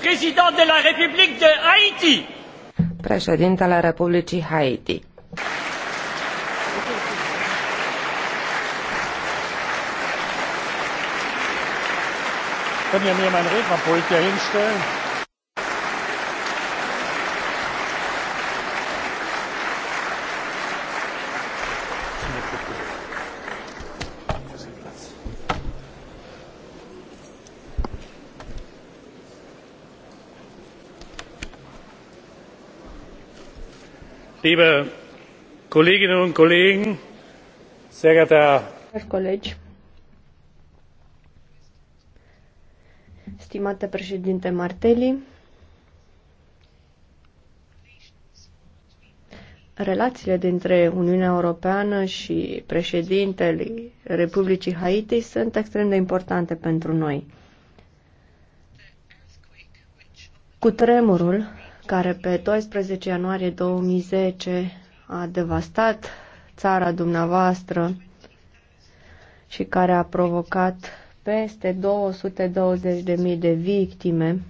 Președintele Republicii Haiti. Können mir Rednerpult hier hinstellen? liebe kolleginnen und kollegen sehr geehrter herr kollege stimate președinte Martelli relațiile dintre Uniunea Europeană și președintele Republicii Haiti sunt extrem de importante pentru noi. Cu tremurul care pe 12 ianuarie 2010 a devastat țara dumneavoastră și care a provocat peste 220.000 de victime.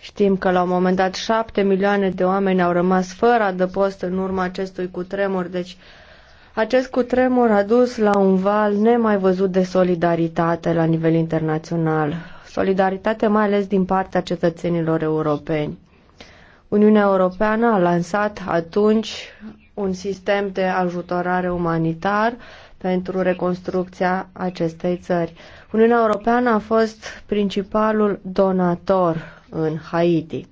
Știm că la un moment dat 7 milioane de oameni au rămas fără adăpost în urma acestui cutremur, deci acest cutremur a dus la un val nemai văzut de solidaritate la nivel internațional solidaritate mai ales din partea cetățenilor europeni. Uniunea Europeană a lansat atunci un sistem de ajutorare umanitar pentru reconstrucția acestei țări. Uniunea Europeană a fost principalul donator în Haiti.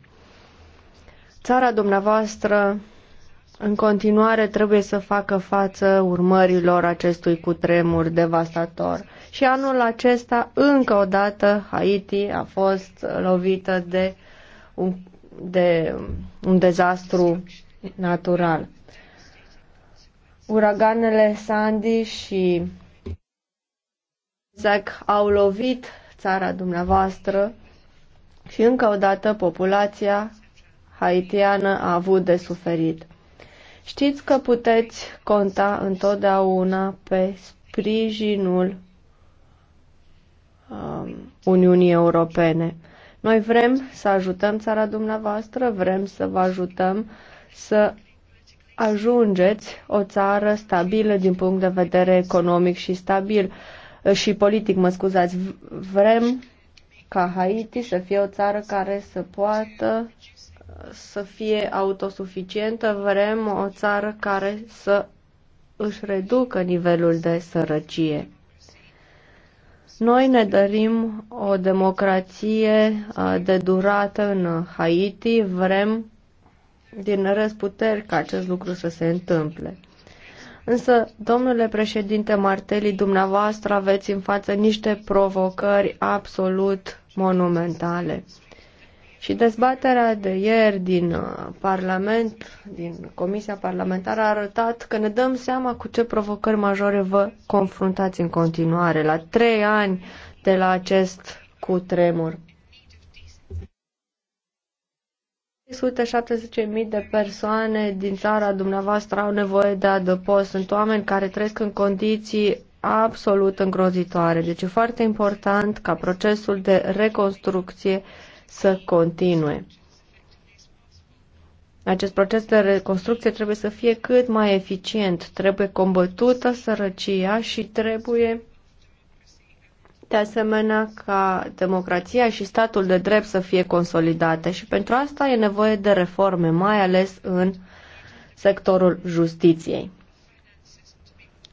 Țara dumneavoastră în continuare trebuie să facă față urmărilor acestui cutremur devastator. Și anul acesta, încă o dată, Haiti a fost lovită de un, de un dezastru natural. Uraganele Sandy și Zac au lovit țara dumneavoastră și încă o dată populația haitiană a avut de suferit. Știți că puteți conta întotdeauna pe sprijinul um, Uniunii Europene. Noi vrem să ajutăm țara dumneavoastră, vrem să vă ajutăm să ajungeți o țară stabilă din punct de vedere economic și stabil uh, și politic, mă scuzați. Vrem ca Haiti să fie o țară care să poată să fie autosuficientă, vrem o țară care să își reducă nivelul de sărăcie. Noi ne dorim o democrație de durată în Haiti, vrem din răzputeri ca acest lucru să se întâmple. Însă, domnule președinte Marteli, dumneavoastră aveți în față niște provocări absolut monumentale. Și dezbaterea de ieri din uh, Parlament, din Comisia Parlamentară, a arătat că ne dăm seama cu ce provocări majore vă confruntați în continuare, la trei ani de la acest cutremur. 170.000 de persoane din țara dumneavoastră au nevoie de adăpost. Sunt oameni care trăiesc în condiții absolut îngrozitoare. Deci e foarte important ca procesul de reconstrucție să continue. Acest proces de reconstrucție trebuie să fie cât mai eficient, trebuie combătută sărăcia și trebuie de asemenea ca democrația și statul de drept să fie consolidate și pentru asta e nevoie de reforme, mai ales în sectorul justiției.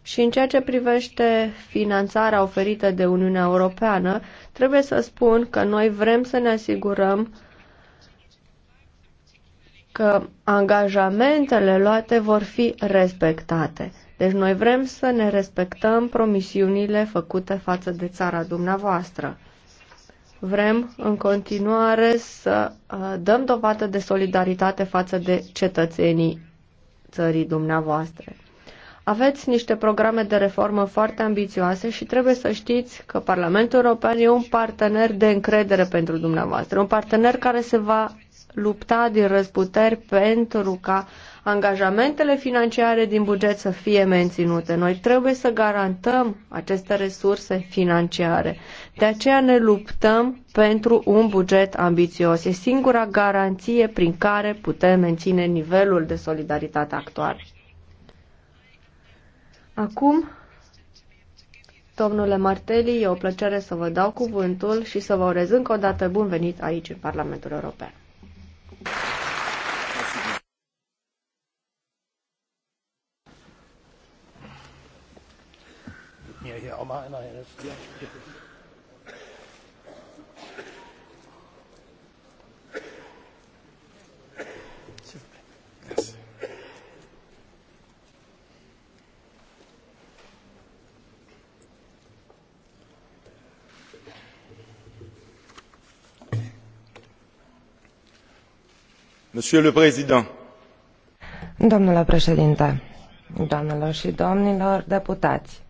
Și în ceea ce privește finanțarea oferită de Uniunea Europeană, Trebuie să spun că noi vrem să ne asigurăm că angajamentele luate vor fi respectate. Deci noi vrem să ne respectăm promisiunile făcute față de țara dumneavoastră. Vrem în continuare să uh, dăm dovadă de solidaritate față de cetățenii țării dumneavoastră. Aveți niște programe de reformă foarte ambițioase și trebuie să știți că Parlamentul European e un partener de încredere pentru dumneavoastră, un partener care se va lupta din răzputeri pentru ca angajamentele financiare din buget să fie menținute. Noi trebuie să garantăm aceste resurse financiare. De aceea ne luptăm pentru un buget ambițios. E singura garanție prin care putem menține nivelul de solidaritate actual. Acum, domnule Martelli, e o plăcere să vă dau cuvântul și să vă urez încă o dată bun venit aici în Parlamentul European. Mir hier auch mal einer hilft. Domnule președinte, doamnelor și domnilor deputați,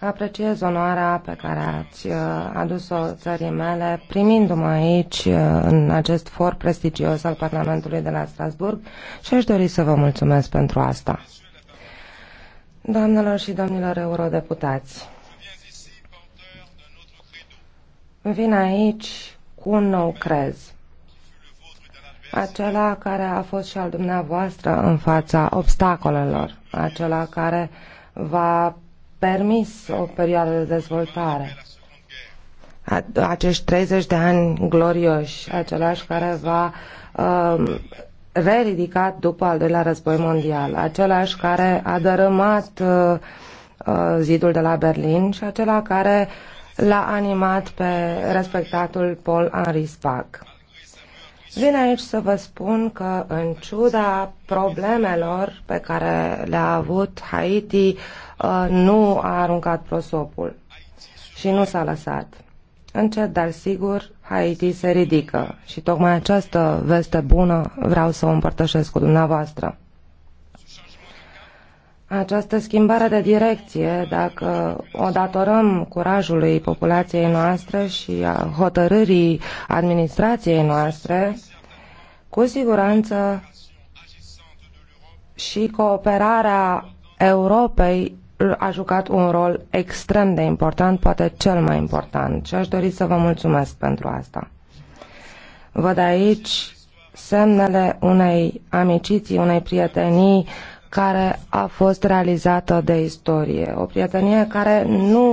Apreciez onoarea pe care ați uh, adus-o țării mele primindu-mă aici uh, în acest for prestigios al Parlamentului de la Strasburg și aș dori să vă mulțumesc pentru asta. Doamnelor și domnilor eurodeputați, vin aici cu un nou crez, acela care a fost și al dumneavoastră în fața obstacolelor, acela care v-a permis o perioadă de dezvoltare, acești 30 de ani glorioși, același care va uh, după al doilea război mondial, același care a dărâmat uh, uh zidul de la Berlin și acela care l-a animat pe respectatul Paul Henri Spack. Vin aici să vă spun că, în ciuda problemelor pe care le-a avut Haiti, uh, nu a aruncat prosopul și nu s-a lăsat. Încet, dar sigur, Haiti se ridică și tocmai această veste bună vreau să o împărtășesc cu dumneavoastră. Această schimbare de direcție, dacă o datorăm curajului populației noastre și a hotărârii administrației noastre, cu siguranță și cooperarea Europei a jucat un rol extrem de important, poate cel mai important. Și aș dori să vă mulțumesc pentru asta. Văd aici semnele unei amiciții, unei prietenii care a fost realizată de istorie, o prietenie care nu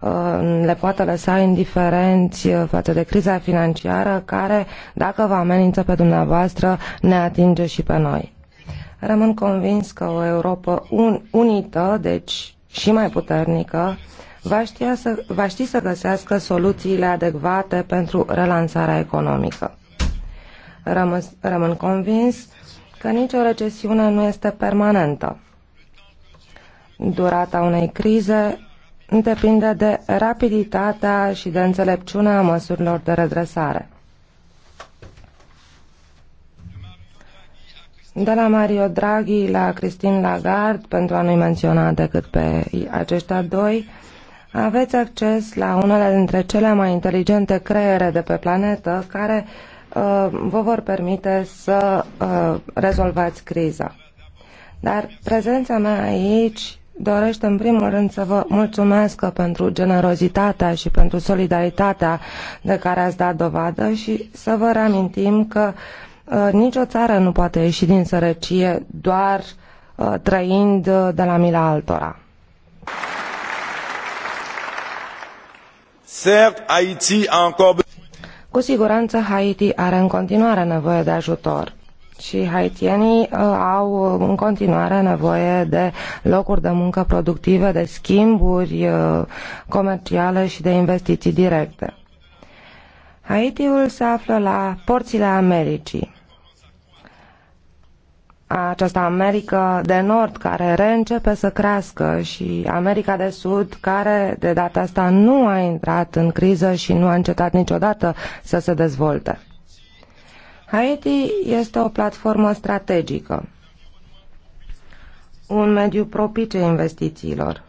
uh, le poate lăsa indiferenți uh, față de criza financiară care, dacă vă amenință pe dumneavoastră, ne atinge și pe noi. Rămân convins că o Europa unită, deci și mai puternică, va ști, să, va ști să găsească soluțiile adecvate pentru relansarea economică. Rămân, rămân convins că nicio recesiune nu este permanentă. Durata unei crize depinde de rapiditatea și de înțelepciunea măsurilor de redresare. De la Mario Draghi la Christine Lagarde, pentru a nu-i menționa decât pe aceștia doi, aveți acces la unele dintre cele mai inteligente creiere de pe planetă care Uh, vă vor permite să uh, rezolvați criza. Dar prezența mea aici dorește în primul rând să vă mulțumesc pentru generozitatea și pentru solidaritatea de care ați dat dovadă și să vă reamintim că uh, nicio țară nu poate ieși din sărăcie doar trăind de la mila altora. Certes, Haïti a encore cu siguranță Haiti are în continuare nevoie de ajutor și haitienii uh, au uh, în continuare nevoie de locuri de muncă productive, de schimburi uh, comerciale și de investiții directe. Haitiul se află la porțile Americii această America de Nord care reîncepe să crească și America de Sud care de data asta nu a intrat în criză și nu a încetat niciodată să se dezvolte. Haiti este o platformă strategică, un mediu propice investițiilor,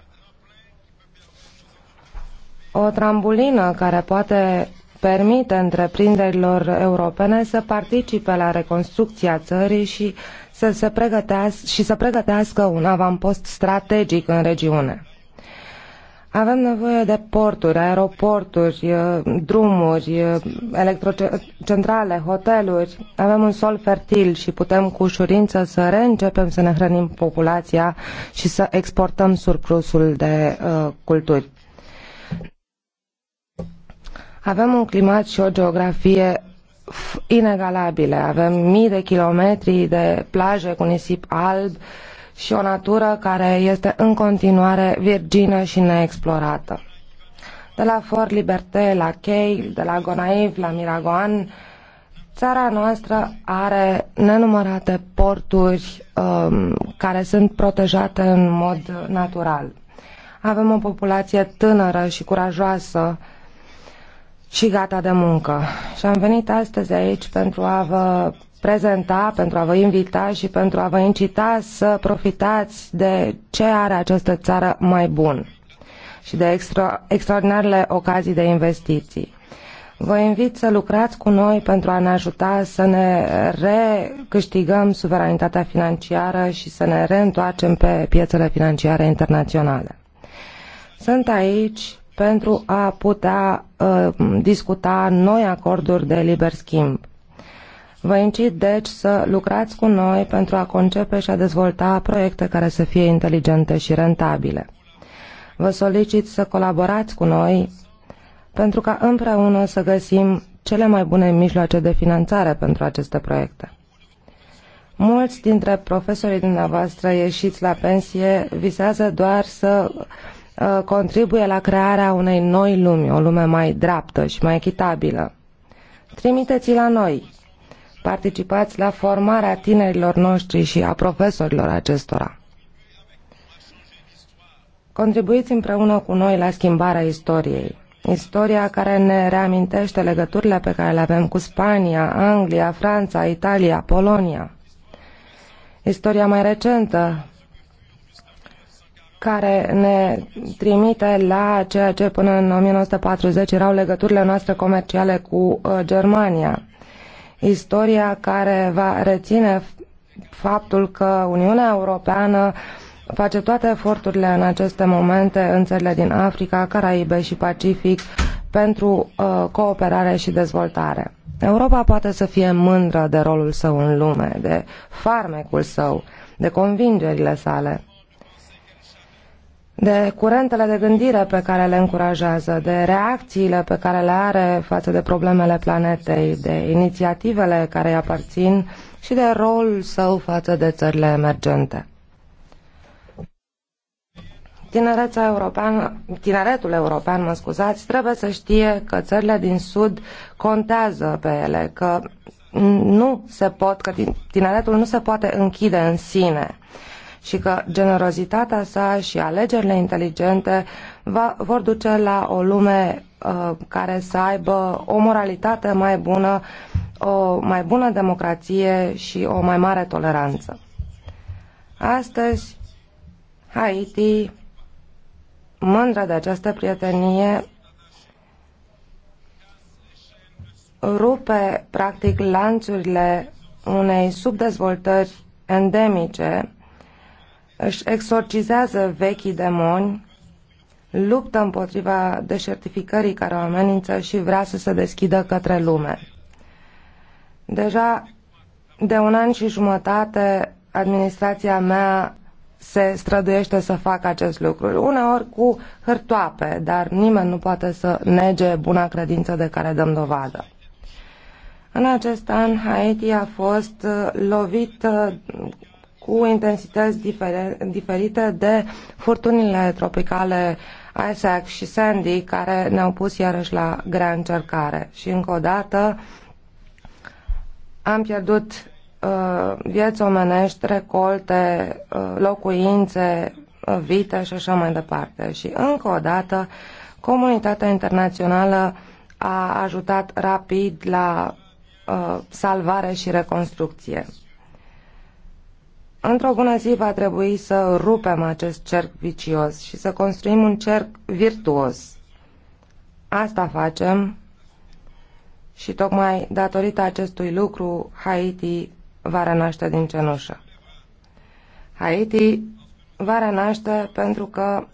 o trambulină care poate permite întreprinderilor europene să participe la reconstrucția țării și uh, să se pregătească și să pregătească un avampost strategic în regiune. Avem nevoie de porturi, aeroporturi, drumuri, electrocentrale, hoteluri. Avem un sol fertil și putem cu ușurință să reîncepem să ne hrănim populația și să exportăm surplusul de uh, culturi. Avem un climat și o geografie inegalabile. Avem mii de kilometri de plaje cu nisip alb și o natură care este în continuare virgină și neexplorată. De la Fort Liberté la Chei, de la Gonaiv la Miragoan, țara noastră are nenumărate porturi um, care sunt protejate în mod natural. Avem o populație tânără și curajoasă și gata de muncă. Și am venit astăzi aici pentru a vă prezenta, pentru a vă invita și pentru a vă incita să profitați de ce are această țară mai bun și de extra, extraordinarele ocazii de investiții. Vă invit să lucrați cu noi pentru a ne ajuta să ne recâștigăm suveranitatea financiară și să ne reîntoarcem pe piețele financiare internaționale. Sunt aici pentru a putea uh, discuta noi acorduri de liber schimb. Vă incit, deci, să lucrați cu noi pentru a concepe și a dezvolta proiecte care să fie inteligente și rentabile. Vă solicit să colaborați cu noi pentru ca împreună să găsim cele mai bune mijloace de finanțare pentru aceste proiecte. Mulți dintre profesorii dumneavoastră ieșiți la pensie visează doar să uh, Uh, contribuie la crearea unei noi lumi, o lume mai dreaptă și mai echitabilă. Trimiteți-i la noi. Participați la formarea tinerilor noștri și a profesorilor acestora. Contribuiți împreună cu noi la schimbarea istoriei. Istoria care ne reamintește legăturile pe care le avem cu Spania, Anglia, Franța, Italia, Polonia. Istoria mai recentă care ne trimite la ceea ce până în 1940 erau legăturile noastre comerciale cu uh, Germania. Istoria care va reține faptul că Uniunea Europeană face toate eforturile în aceste momente în țările din Africa, Caraibe și Pacific pentru uh, cooperare și dezvoltare. Europa poate să fie mândră de rolul său în lume, de farmecul său, de convingerile sale de curentele de gândire pe care le încurajează, de reacțiile pe care le are față de problemele planetei, de inițiativele care îi aparțin și de rolul său față de țările emergente. Tinereța european, tineretul european, mă scuzați, trebuie să știe că țările din Sud contează pe ele, că nu se pot, că tineretul nu se poate închide în sine și că generozitatea sa și alegerile inteligente va, vor duce la o lume uh, care să aibă o moralitate mai bună, o mai bună democrație și o mai mare toleranță. Astăzi, Haiti, mândră de această prietenie, rupe practic lanțurile unei subdezvoltări endemice își exorcizează vechii demoni, luptă împotriva deșertificării care o amenință și vrea să se deschidă către lume. Deja de un an și jumătate administrația mea se străduiește să facă acest lucru. Uneori cu hârtoape, dar nimeni nu poate să nege buna credință de care dăm dovadă. În acest an, Haiti a fost lovit cu intensități diferite de furtunile tropicale Isaac și Sandy, care ne-au pus iarăși la grea încercare. Și încă o dată am pierdut uh, vieți omenești, recolte, uh, locuințe, uh, vite și așa mai departe. Și încă o dată comunitatea internațională a ajutat rapid la uh, salvare și reconstrucție. Într-o bună zi va trebui să rupem acest cerc vicios și să construim un cerc virtuos. Asta facem și tocmai datorită acestui lucru Haiti va renaște din cenușă. Haiti va renaște pentru că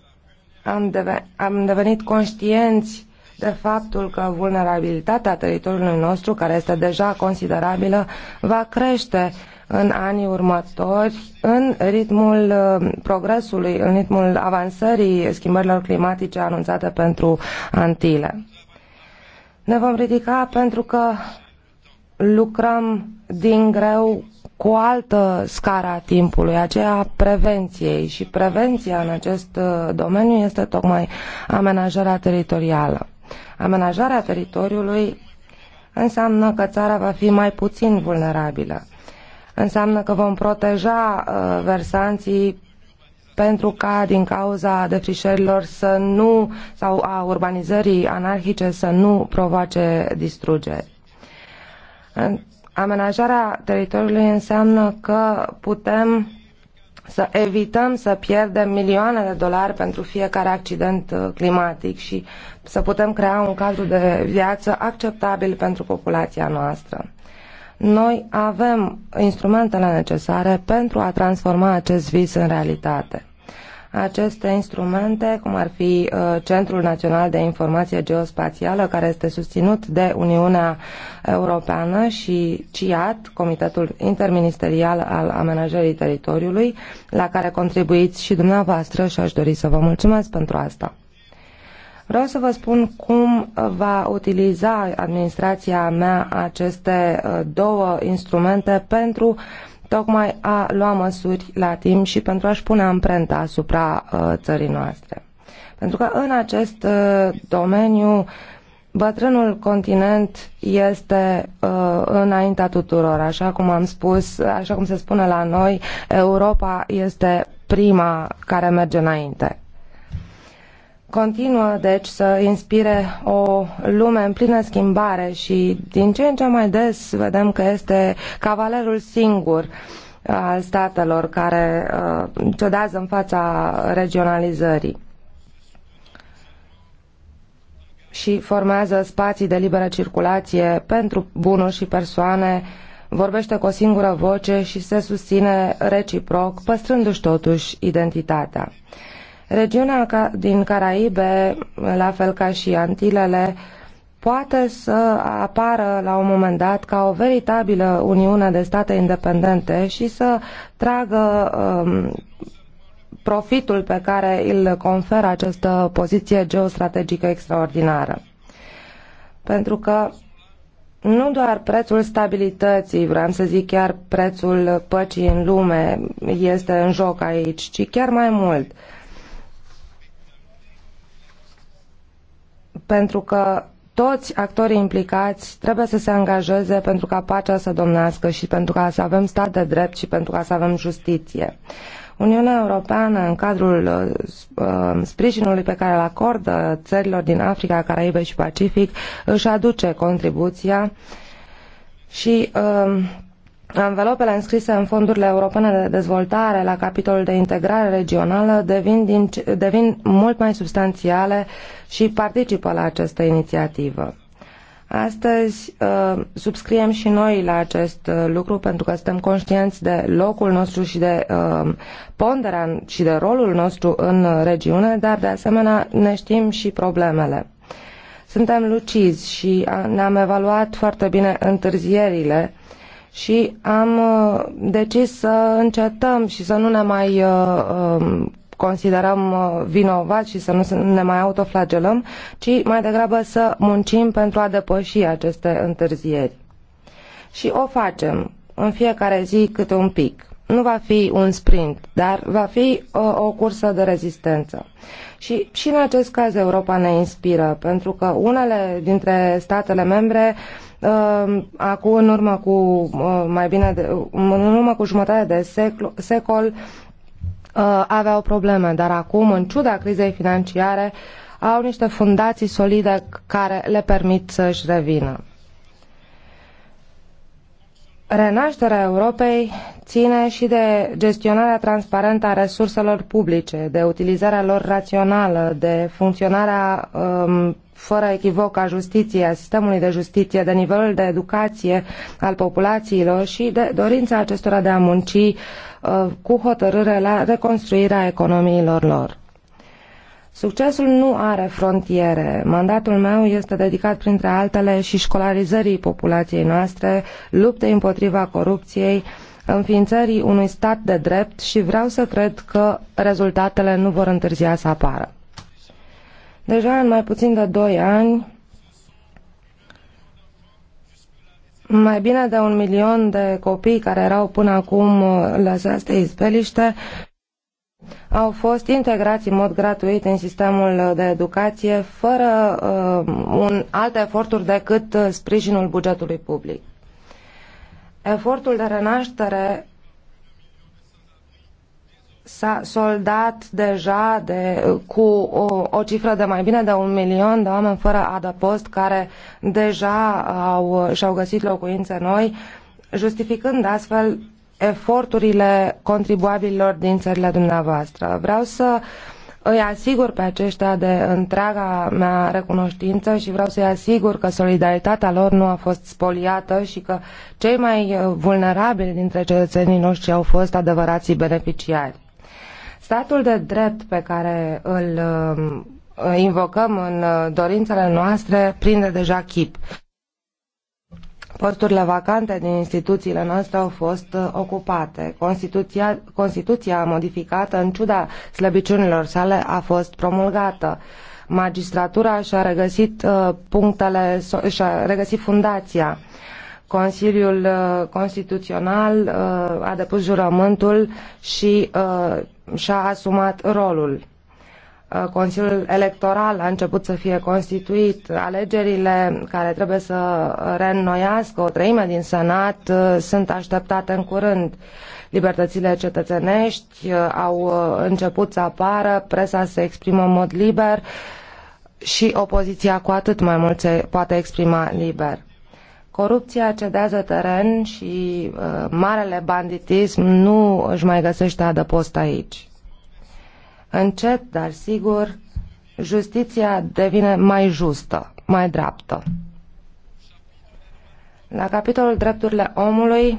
am, deven- am devenit conștienți de faptul că vulnerabilitatea teritoriului nostru, care este deja considerabilă, va crește în anii următori în ritmul uh, progresului, în ritmul avansării schimbărilor climatice anunțate pentru Antile. Ne vom ridica pentru că lucrăm din greu cu altă scară a timpului, aceea prevenției și prevenția în acest uh, domeniu este tocmai amenajarea teritorială. Amenajarea teritoriului înseamnă că țara va fi mai puțin vulnerabilă înseamnă că vom proteja uh, versanții pentru ca din cauza defrișărilor să nu, sau a urbanizării anarhice să nu provoace distrugeri. Amenajarea teritoriului înseamnă că putem să evităm să pierdem milioane de dolari pentru fiecare accident uh, climatic și să putem crea un cadru de viață acceptabil pentru populația noastră. Noi avem instrumentele necesare pentru a transforma acest vis în realitate. Aceste instrumente, cum ar fi uh, Centrul Național de Informație Geospațială, care este susținut de Uniunea Europeană și CIAT, Comitetul Interministerial al Amenajării Teritoriului, la care contribuiți și dumneavoastră și aș dori să vă mulțumesc pentru asta. Vreau să vă spun cum va utiliza administrația mea aceste uh, două instrumente pentru tocmai a lua măsuri la timp și pentru a-și pune amprenta asupra uh, țării noastre. Pentru că în acest uh, domeniu Bătrânul continent este înaintea tuturor, așa cum am spus, așa cum se spune la noi, Europa este prima care merge înainte continuă, deci, să inspire o lume în plină schimbare și din ce în ce mai des vedem că este cavalerul singur al statelor care uh, cedează în fața regionalizării și formează spații de liberă circulație pentru bunuri și persoane, vorbește cu o singură voce și se susține reciproc, păstrându-și totuși identitatea. Regiunea din Caraibe, la fel ca și Antilele, poate să apară la un moment dat ca o veritabilă uniune de state independente și să tragă um, profitul pe care îl conferă această poziție geostrategică extraordinară. Pentru că nu doar prețul stabilității, vreau să zic chiar prețul păcii în lume este în joc aici, ci chiar mai mult. Uh, pentru că toți actorii implicați trebuie să se angajeze pentru ca pacea să domnească și pentru ca să avem stat de drept și pentru ca să avem justiție. Uniunea Europeană, în cadrul uh, uh sprijinului pe care îl acordă țărilor din Africa, Caraibe și Pacific, își aduce contribuția și uh, Anvelopele înscrise în fondurile europene de dezvoltare la capitolul de integrare regională devin, din, devin mult mai substanțiale și participă la această inițiativă. Astăzi uh, subscriem și noi la acest uh, lucru pentru că suntem conștienți de locul nostru și de uh, ponderea și de rolul nostru în regiune, dar de asemenea ne știm și problemele. Suntem lucizi și ne-am evaluat foarte bine întârzierile uh, și am uh, decis să încetăm și să nu ne mai uh, um, considerăm uh, vinovați și să nu ne mai autoflagelăm, ci mai degrabă să muncim pentru a depăși aceste întârzieri. Și o facem în fiecare zi câte un pic. Nu va fi un sprint, dar va fi o, o cursă de rezistență. Și și în acest caz Europa ne inspiră, pentru că unele dintre statele membre uh, Ehm, acum în urmă cu uh, mai bine de, în urmă cu jumătate de secol, secol uh, aveau probleme, dar acum, în ciuda crizei financiare, au niște fundații solide care le permit să își revină. Renașterea Europei ține și de gestionarea transparentă a resurselor publice, de utilizarea lor rațională, de funcționarea um, fără echivoc a justiției, a sistemului de justiție, de nivelul de educație al populațiilor și de dorința acestora de a munci uh, cu hotărâre la reconstruirea economiilor lor. Succesul nu are frontiere. Mandatul meu este dedicat, printre altele, și școlarizării populației noastre, luptei împotriva corupției, uh, înființării unui stat de drept și vreau să cred că rezultatele nu vor întârzia să apară. Deja în mai puțin de 2 ani, mai bine de un milion de copii care erau până acum uh, lăsați de izbeliște au fost integrați în mod gratuit în sistemul de educație fără uh, un, alte eforturi decât uh, sprijinul bugetului public. Efortul de renaștere s-a soldat deja de, cu o, o cifră de mai bine de un milion de oameni fără adăpost care deja au, și-au găsit locuințe noi, justificând astfel eforturile contribuabililor din țările dumneavoastră. Vreau să uh, îi asigur pe aceștia de întreaga mea recunoștință și vreau să-i asigur că solidaritatea lor nu a fost spoliată și că cei mai vulnerabili dintre cetățenii noștri au fost adevărații beneficiari. Statul de drept pe care îl um, invocăm în uh, dorințele noastre prinde deja chip. Posturile vacante din instituțiile noastre au fost uh, ocupate. Constituția, Constituția modificată, în ciuda slăbiciunilor sale, a fost promulgată. Magistratura și-a regăsit uh, punctele, și-a regăsit fundația. Consiliul uh, Constituțional a depus jurământul și și-a asumat rolul. Uh, Consiliul Electoral a început să fie constituit, alegerile care trebuie să reînnoiască o treime din Senat uh, sunt așteptate în curând. Libertățile cetățenești uh, au început să apară, presa se exprimă în mod liber și opoziția cu atât mai mult se poate exprima liber. Corupția cedează teren și uh, marele banditism nu își mai găsește adăpost aici. Încet, dar sigur, justiția devine mai justă, mai dreaptă. La capitolul drepturile omului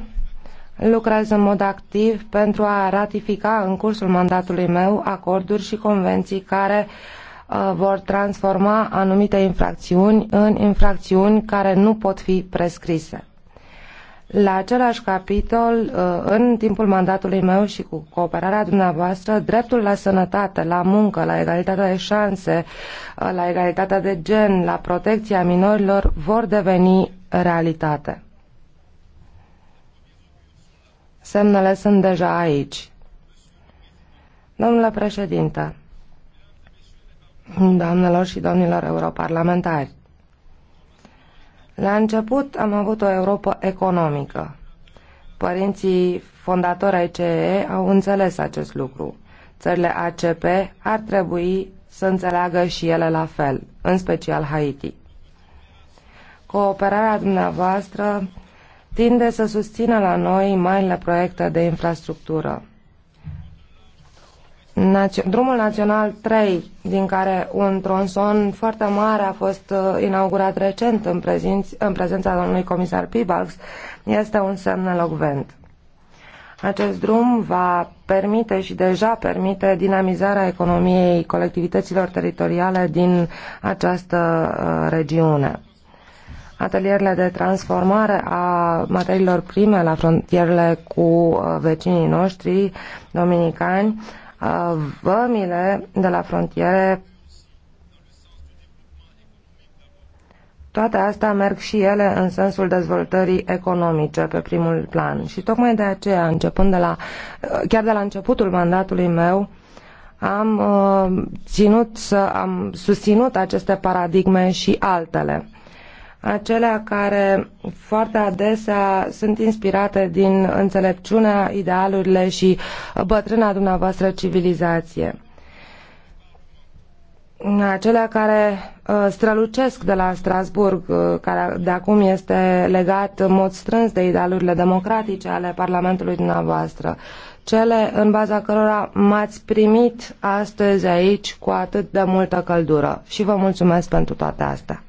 lucrez în mod activ pentru a ratifica în cursul mandatului meu acorduri și convenții care uh, vor transforma anumite infracțiuni în infracțiuni care nu pot fi prescrise. La același capitol, uh, în timpul mandatului meu și cu cooperarea dumneavoastră, dreptul la sănătate, la muncă, la egalitatea de șanse, uh, la egalitatea de gen, la protecția minorilor vor deveni realitate. Semnele sunt deja aici. Domnule președinte, doamnelor și domnilor europarlamentari, la început am avut o Europa economică. Părinții fondatori ai CEE au înțeles acest lucru. Țările ACP ar trebui să înțeleagă și ele la fel, în special Haiti. Cooperarea dumneavoastră tinde să susțină la noi marile proiecte de infrastructură drumul național 3, din care un tronson foarte mare a fost uh, inaugurat recent în, prezinț, în prezența domnului comisar Pibalks, este un semn elogvent. Acest drum va permite și deja permite dinamizarea economiei colectivităților teritoriale din această uh, regiune. Atelierele de transformare a materiilor prime la frontierele cu uh, vecinii noștri dominicani vămile de la frontiere, toate astea merg și ele în sensul dezvoltării economice pe primul plan. Și tocmai de aceea, începând de la, chiar de la începutul mandatului meu, am, uh, ținut să, am susținut aceste paradigme și altele acelea care foarte adesea sunt inspirate din înțelepciunea, idealurile și bătrâna dumneavoastră civilizație. Acelea care uh, strălucesc de la Strasburg, uh, care de acum este legat în mod strâns de idealurile democratice ale Parlamentului dumneavoastră cele în baza cărora m-ați primit astăzi aici cu atât de multă căldură și vă mulțumesc pentru toate astea.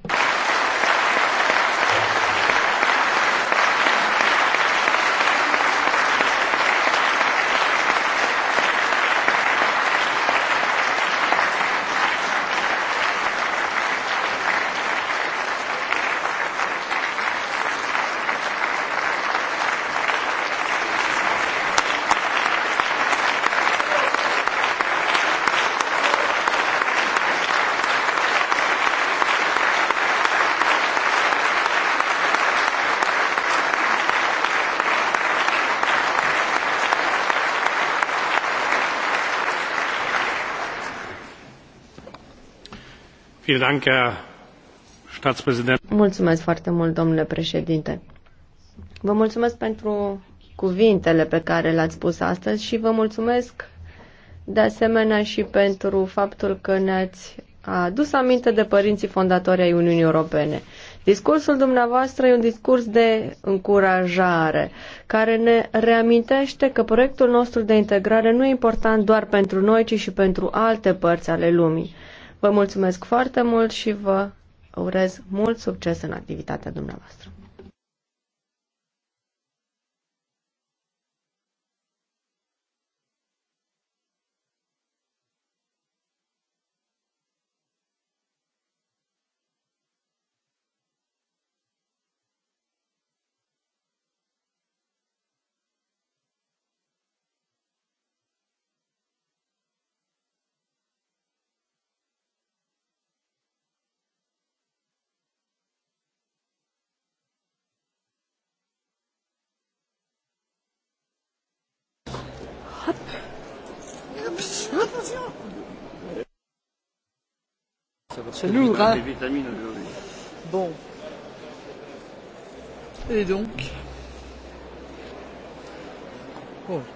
Mulțumesc foarte mult, domnule președinte. Vă mulțumesc pentru cuvintele pe care le-ați spus astăzi și vă mulțumesc de asemenea și pentru faptul că ne-ați adus aminte de părinții fondatori ai Uniunii Europene. Discursul dumneavoastră e un discurs de încurajare, care ne reamintește că proiectul nostru de integrare nu e important doar pentru noi, ci și pentru alte părți ale lumii. Vă mulțumesc foarte mult și vă urez mult succes în activitatea dumneavoastră. c'est lourd, hein des vitamines aujourd'hui. Bon. Et donc Bon. Oh.